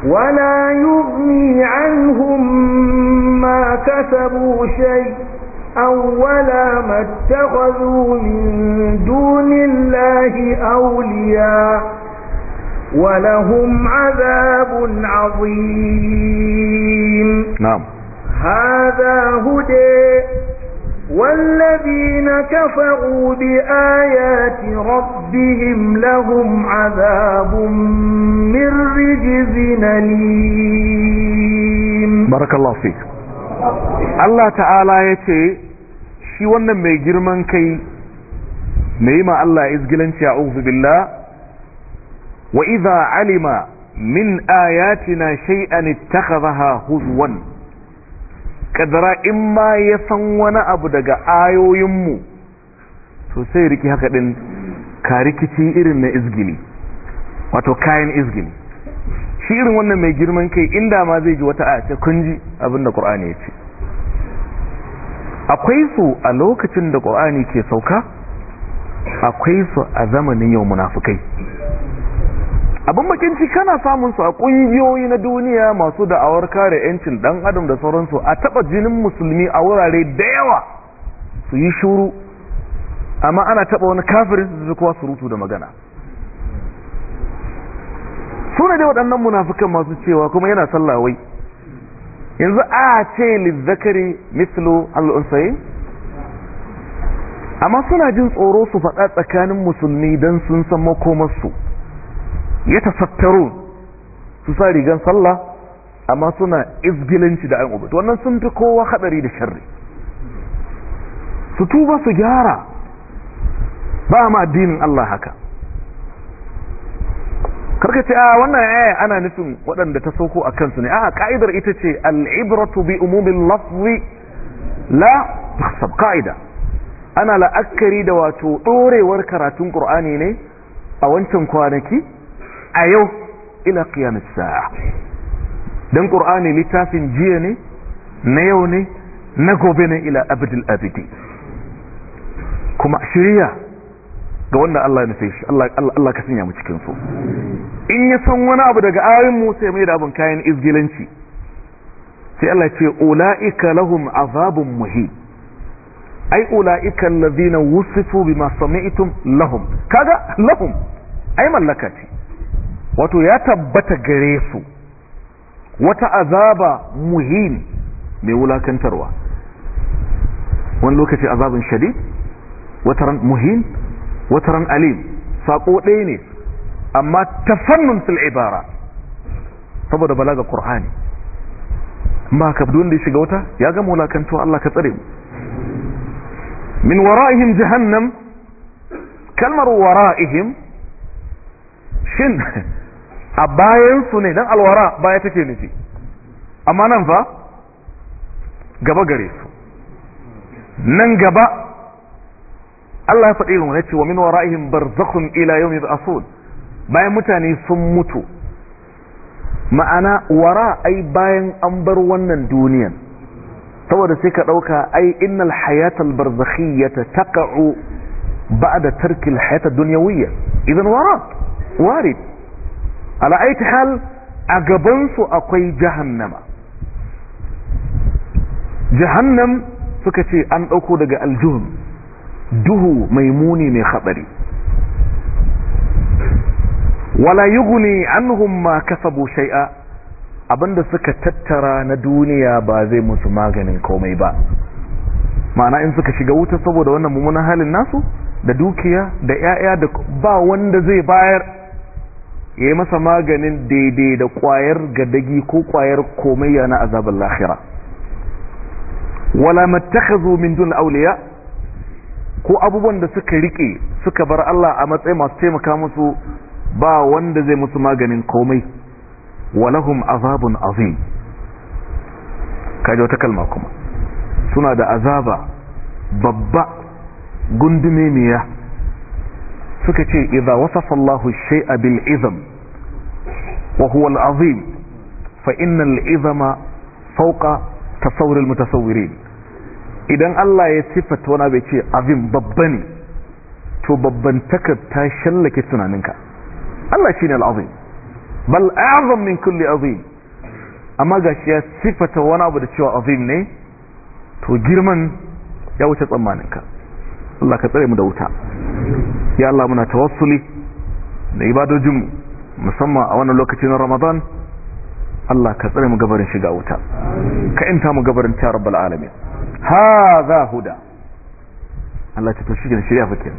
ولا يغني عنهم ما كسبوا شيء أولا ما اتخذوا من دون الله أولياء ولهم عذاب عظيم نعم هذا هدى والذين كفروا بآيات ربهم لهم عذاب من رجز نليم بارك الله فيك الله تعالى يتي شي wannan كي girman kai mai ma Allah izgilanci a'udhu wa idza alima min ayatina shay'an ittakhadhaha huzwan kadara in ma ya san wani abu daga ayoyinmu to sai riki haka din ka rikici irin na izgili wato kayan izgili shi irin wannan mai girman kai inda ma zai ji wata ayace kun ji abinda qur'ani ya ce akwai su a lokacin da qur'ani ke sauka akwai su a zamanin yau munafikai abin bakin ci kana samun su a kungiyoyi na duniya masu da'awar kare yancin dan adam da sauransu a taba jinin musulmi a wurare da yawa su yi shuru amma ana taba wani kafirin su kuwa surutu da magana suna dai waɗannan munafukan masu cewa kuma yana sallah wai yanzu a ce lizzakari mislo al'unsayi amma suna jin tsoro su faɗa tsakanin musulmi don sun san makomarsu ya tasattarun su sa rigan sallah amma suna izgilanci da ayin wannan sun fi kowa haɗari da sharri su tuba su gyara ba ma addinin Allah haka karka ce a wannan yaya ana nufin waɗanda ta sauko a kansu ne a ka'idar ita ce al'ibratu bi umumin lafzi la sab ka'ida ana la'akari da wato ɗorewar karatun ƙur'ani ne a wancan kwanaki a yau ila qiyamis sa'a dan Ƙur'ani littafin jiya ne na yau ne na gobe ne ila abdul abidi kuma shirya ga wanda Allah ya nufe shi Allah ka sanya mu cikin su in ya san wani abu daga ayin Musa sai mai da abin kayan izgilanci sai Allah ce ula'ika lahum azabun muhi ai ula'ika allazina wusifu bima sami'tum lahum kaga lahum ai mallaka wato ya tabbata gare su wata azaba muhim mai wulakantarwa wani lokaci azabin shadid wataran muhim wataran alim saƙo ɗaya ne amma tafannun fil ibara saboda balaga qur'ani ma ka da ya shiga wata ya gama wulakantuwa Allah ka tsare mu min wara'ihim jahannam kalmar wara'ihim shin a bayansu ne don alwara baya take nufi amma nan fa gaba gare su nan gaba Allah ya faɗi wani ce wa min wara'ihim barzakhun ila yawmi yub'asun bayan mutane sun mutu ma'ana wara ai bayan an bar wannan duniyan saboda sai ka ɗauka ai innal hayatal ta taqa'u ba'da tarki al hayata dunyawiyya idan wara warid ala'aiti hal a gabansu akwai jahannama jahannam suka ce an ɗauko daga aljuhun duhu mai muni mai haɗari wala yuguni anhum ma kasabu shay'a abinda suka tattara na duniya ba zai musu maganin komai ba ma'ana in suka shiga wuta saboda wannan mummunan halin nasu da dukiya da 'ya'ya da ba wanda zai bayar ya yi masa maganin daidai da kwayar gadagi ko kwayar komaiya na azabin lahira wala zo min dun auliya ko abubuwan da suka riƙe suka bar Allah a matsayin masu taimaka musu ba wanda zai musu maganin komai walahum azabun azim kajo ta kalma kuma suna da azaba babba miya. suka ce idza wasafa Allahu shay'a bil izam wa huwa al azim fa inna al izma fawqa tasawwur al mutasawwirin idan Allah ya sifata wani bai ce azim babba ne to babban takar ta shallake tunaninka Allah shine al azim bal a'zam min kulli azim amma gashi ya sifata wani abu da cewa azim ne to girman ya wuce tsammaninka Allah ka tsare mu da wuta ya Allah muna tawassuli da ibadojin musamman a wannan lokacin Ramadan Allah ka tsare mu gabarin shiga wuta ka inta mu gabarin ta rabbal alamin hadha huda Allah ta tashi da shirya fakin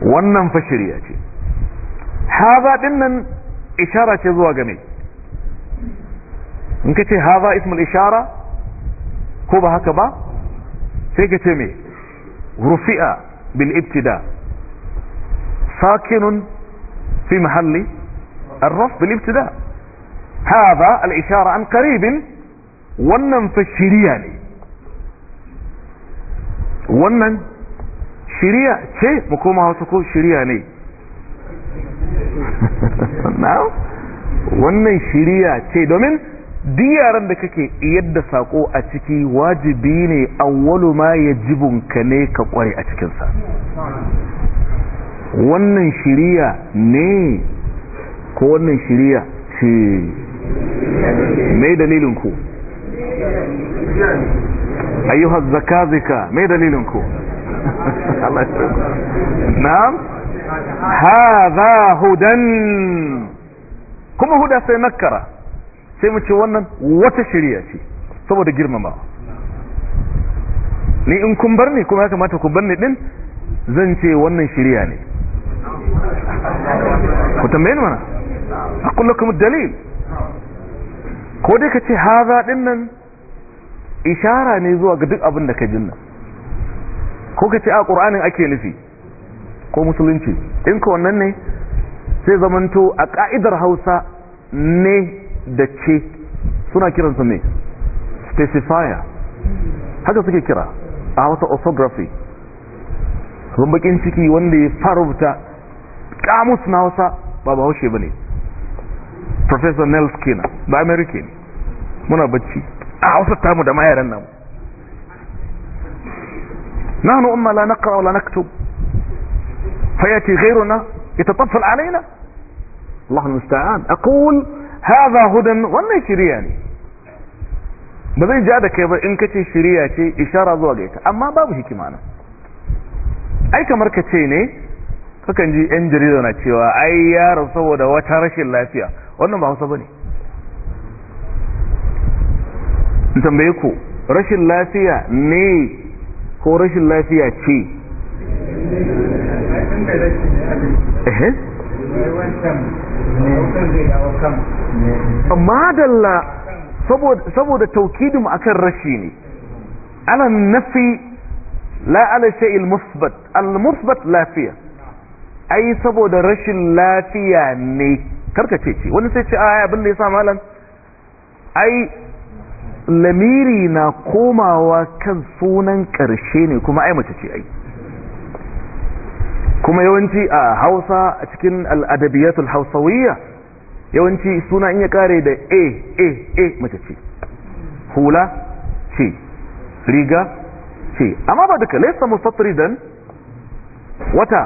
wannan fa shirya ce hadha dinnan ishara ce zuwa game in ka ce haza ismul ishara ko ba haka ba sai ka ce me رفئ بالابتداء ساكن في محل الرف بالابتداء هذا الاشارة عن قريب ونن في الشرياني ونن شريا شي مكوما هو تكو شرياني نعم ونن شريا شي دومين diyaran da kake yadda sako a ciki wajibi ne awwalu ma ka ne ka kware a cikinsa wannan shiriya ne ko wannan shiriya ce mai dalilin ku ayyuhar zakazika mai dalilin ku na'am haza hudan kuma huda sai nakara sai mu ce wannan wata shirya ce saboda girmama ni in kun bar ni kuma ya kamata ku bar ni din zan ce wannan shirya ne ku tambayi mana aqul kuma dalil ko dai ka kace haza din nan ishara ne zuwa ga duk abin da ka nan, ko ka kace a qur'anin ake nufi ko musulunci in ka wannan ne sai zamanto a ka'idar Hausa ne da ke suna kiransa me specifier haka suke kira a wata orthography sun bakin ciki wanda ya fara rubuta kamus na wasa ba ba haushe ba professor nell skinner ba american muna bacci a wasa tamu da mayaran namu نحن la لا نقرأ ولا نكتب فيأتي غيرنا يتطفل علينا الله musta'an أقول haza hudan wannan shiriya ne ba zai ja da kai ba in kace shiriya ce ishara zuwa gaita amma babu hikima nan ai kamar ka ce ne kakan ji yan jarida na cewa ai yaro saboda wata rashin lafiya wannan ba hausa bane in tambaye ku rashin lafiya ne ko rashin lafiya ce eh madalla saboda taukidin akan rashi ne ala nafi la ala al musbat al musbat lafiya ai saboda rashin lafiya ne karkace ce wani sai ce a abin da yasa malam ai lamiri na komawa kan sunan karshe ne kuma ai mace ce ai kuma yawanci a hausa a cikin al'adabiyatul hausawiyya yawanci suna in ya kare da a a a mace ce hula ce riga ce amma ba duka laisa mustatri dan wata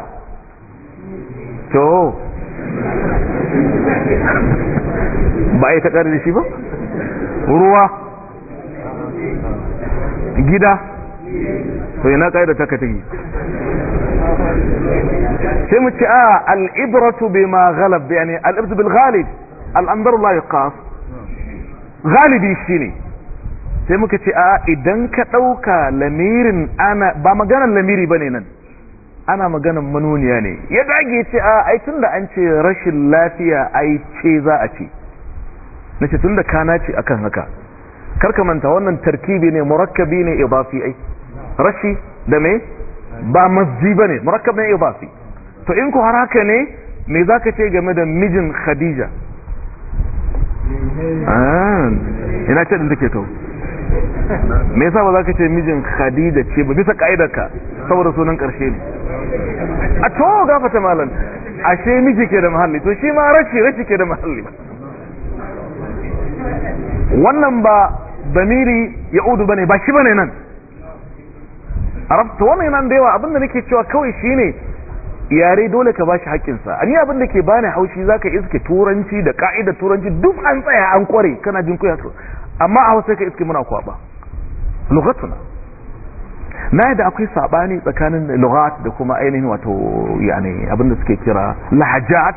to ba ya ta kare da shi ba ruwa gida to yana kare da takatigi sai mu ce a ah, al'ibratu bi ma galab yani al'ibtu bil ghalib al'amdaru la yuqas galibi shine sai muka ce a ah, idan ka ɗauka lamirin ana ba maganar lamiri ne nan ana maganar manuniya ne ya dage ce a ah, ai tunda an ce rashin lafiya ai ce za a ce nace tunda kana ce akan haka karka manta wannan tarkibi ne murakkabi ne idafi ai rashi da me ba masji ba ne murakkab ne ibasi to in ku har haka ne me za ka ce game da mijin khadija ah, ina ce da take to me yasa ba za ka ce mijin khadija ce ba bisa ka saboda sunan karshe ne a to gafata malam ashe miji ke da mahalli to shi ma rashi rashi ke da mahalli wannan ba damiri ya udu bane ba shi bane nan arabta wannan yana da yawa abinda nake cewa kawai shine yare dole ka bashi haƙƙinsa ani abinda abinda ke bani haushi zaka iske turanci da ka'ida turanci duk an tsaya an kware kana jin kuya to amma a hausa ka iske muna kwaba lughatuna na da akwai sabani tsakanin lughat da kuma ainihin wato yani abinda suke kira lahajat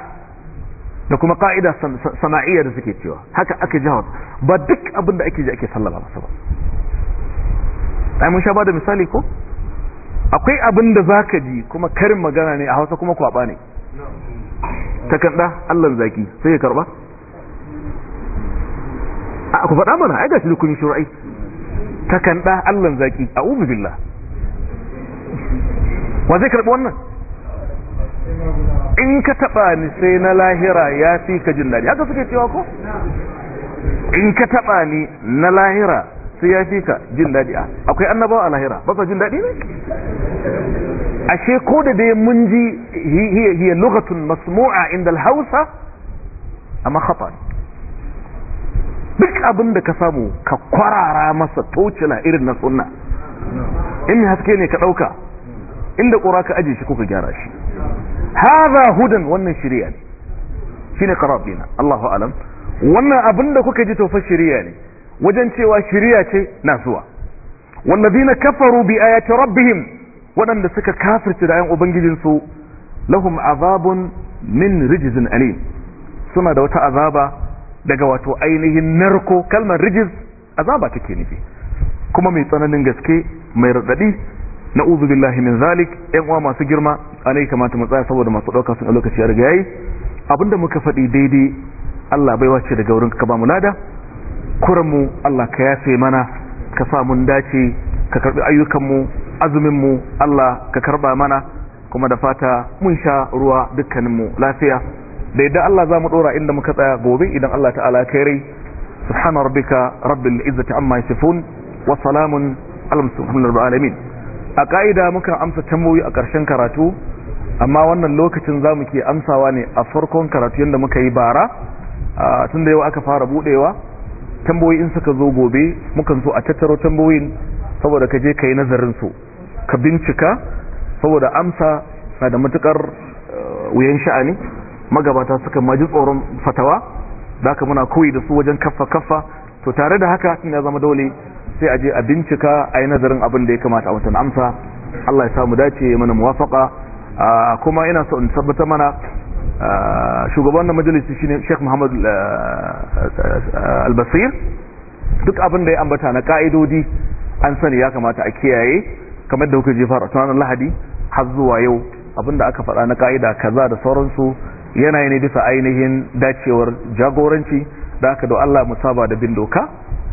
da kuma ka'ida sana'iyar da suke cewa haka aka ji ba duk abinda ake ji ake sallama masa ba ai mun sha ba da misali ko akwai abin da za ka ji kuma karin magana ne a hausa kuma kwaba ne takarda allan zaki sai ya karba a ku faɗa mana ai gashi kun shirai takarda allan zaki a ubi billa. wa zai karɓi wannan in ka taɓa ni sai na lahira ya fi ka jin daɗi haka suke cewa ko in ka taɓa ni na lahira sai ya fi ka jin daɗi a ah, akwai annabawa a lahira ba sa jin daɗi ne ashe ko da dai mun ji hiya lokacin masmu'a inda hausa amma khata duk abin da ka samu ka kwarara masa tocila irin na sunna in haske ne ka ɗauka inda ƙura ka aji shi ko ka gyara shi haza hudan wannan shirya ne shine qarabina Allahu alam wannan abin da kuka ji to fa shirya ne wajen cewa shiriya ce na zuwa na kafaru bi ayati rabbihim waɗanda suka kafirce da ayan ubangijinsu lahum azabun min rijzin alim suna da wata azaba daga wato ainihin narko kalmar rijiz azaba take nufi kuma mai tsananin gaske mai radadi na uzu billahi min zalik yan uwa masu girma a ne kamata mu tsaya saboda masu ɗauka sun a lokaci ya riga yayi abinda muka faɗi daidai Allah baiwa ce daga wurin ka ba mu lada kuranmu Allah ka yafe mana ka sa mun dace ka karbi ayyukanmu azuminmu Allah ka karba mana kuma da fata mun sha ruwa dukkaninmu lafiya da idan Allah za mu dora inda muka tsaya gobe idan Allah ta'ala kai rai subhana rabbika rabbil izzati amma yasifun wa salamun alhamdulillahi alamin a ka'ida muka amsa tambayoyi a karshen karatu amma wannan lokacin za mu ke amsawa ne a farkon karatu yadda muka yi bara tun da yau aka fara budewa tambayoyi in suka zo gobe mukan so a tattaro tambayoyin saboda ka je ka yi nazarin su ka bincika saboda amsa na da matukar eh, wuyan sha'ani magabata suka maji tsoron fatawa zaka ka muna koyi da su wajen kaffa kaffa to tare da haka sun ya zama dole sai a je a bincika a yi nazarin abin da ya kamata a watan amsa Allah ya samu dace mana muwafaka ah, kuma ina so in tabbata mana shugaban na majalisi shine Sheikh Muhammad Al-Basir duk abin da ya ambata na ka'idodi an sani ya kamata a kiyaye kamar da kuka ji fara tunanin Lahadi har zuwa yau abin da aka faɗa na ka'ida kaza da sauransu yana ne bisa ainihin dacewar jagoranci da aka da Allah mu saba da bin doka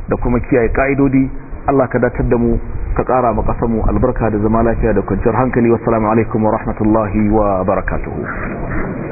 da kuma kiyaye ka'idodi Allah ka datar da mu ka ƙara ma mu albarka da zama lafiya da kwanciyar hankali wassalamu alaikum wa rahmatullahi wa barakatuhu